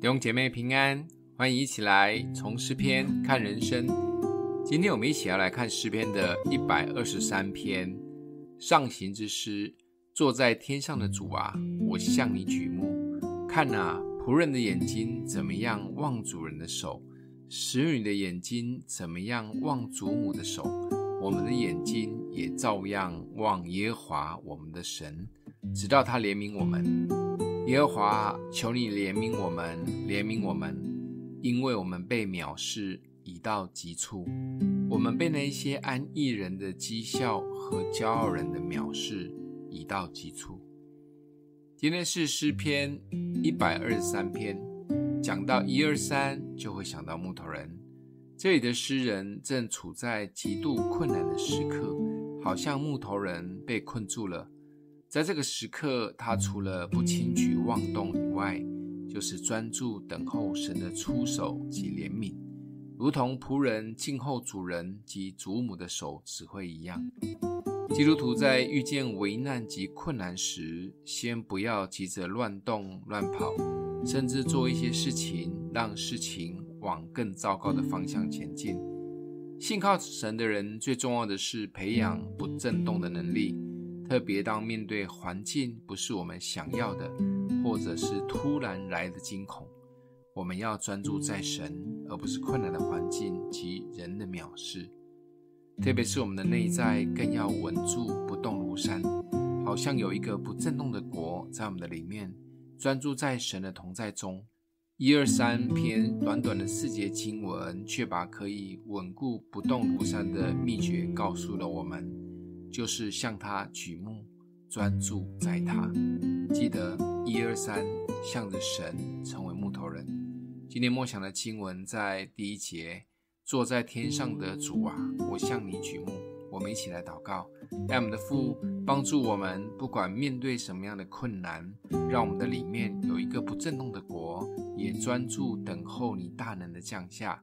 弟兄姐妹平安，歡迎一起來從詩篇看人生。今天我們一起要來看詩篇的一百二十三篇，《上行之詩》。坐在天上的主啊，我向你舉目，看哪，僕人的眼睛怎麼樣望主人的手，使女的眼睛怎麼樣望主母的手，我們的眼睛也照樣望耶和華我們的神，直到他憐憫我們。耶和華，求你憐憫我們，憐憫我們，因為我們被藐視，已到極處；我們被那些安逸人的譏誚和驕傲人的藐視，已到極處。今天是詩篇一百二十三篇，講到一二三，就會想到木頭人。這裡的詩人正處在極度困難的時刻，好像木頭人被困住了。在這個時刻，他除了不輕舉妄動以外，就是專注等候神的出手及憐憫，如同僕人靜候主人及主母的手指揮一樣。基督徒在遇見危難及困難時，先不要急着亂動亂跑，甚至做一些事情讓事情往更糟糕的方向前進。信靠神的人，最重要的是培養不震動的能力。特別當面對環境不是我們想要的，或者是突然來的驚恐，我們要專注在神，而不是困難的環境及人的藐視。特別是我們的內在，更要穩住不動如山，好像有一個不震動的國在我們的裡面。專注在神的同在中，一二三篇短短的四節經文，卻把可以穩固不動如山的秘訣告訴了我們。就是向他舉目，專注在他。記得一二三，1, 2, 3, 向着神成為木頭人。今天默想的經文在第一節：坐在天上的主啊，我向你舉目。我們一起來禱告，愛我們的父幫助我們，不管面對什麼樣的困難，讓我們的裡面有一個不震動的國，也專注等候你大能的降下。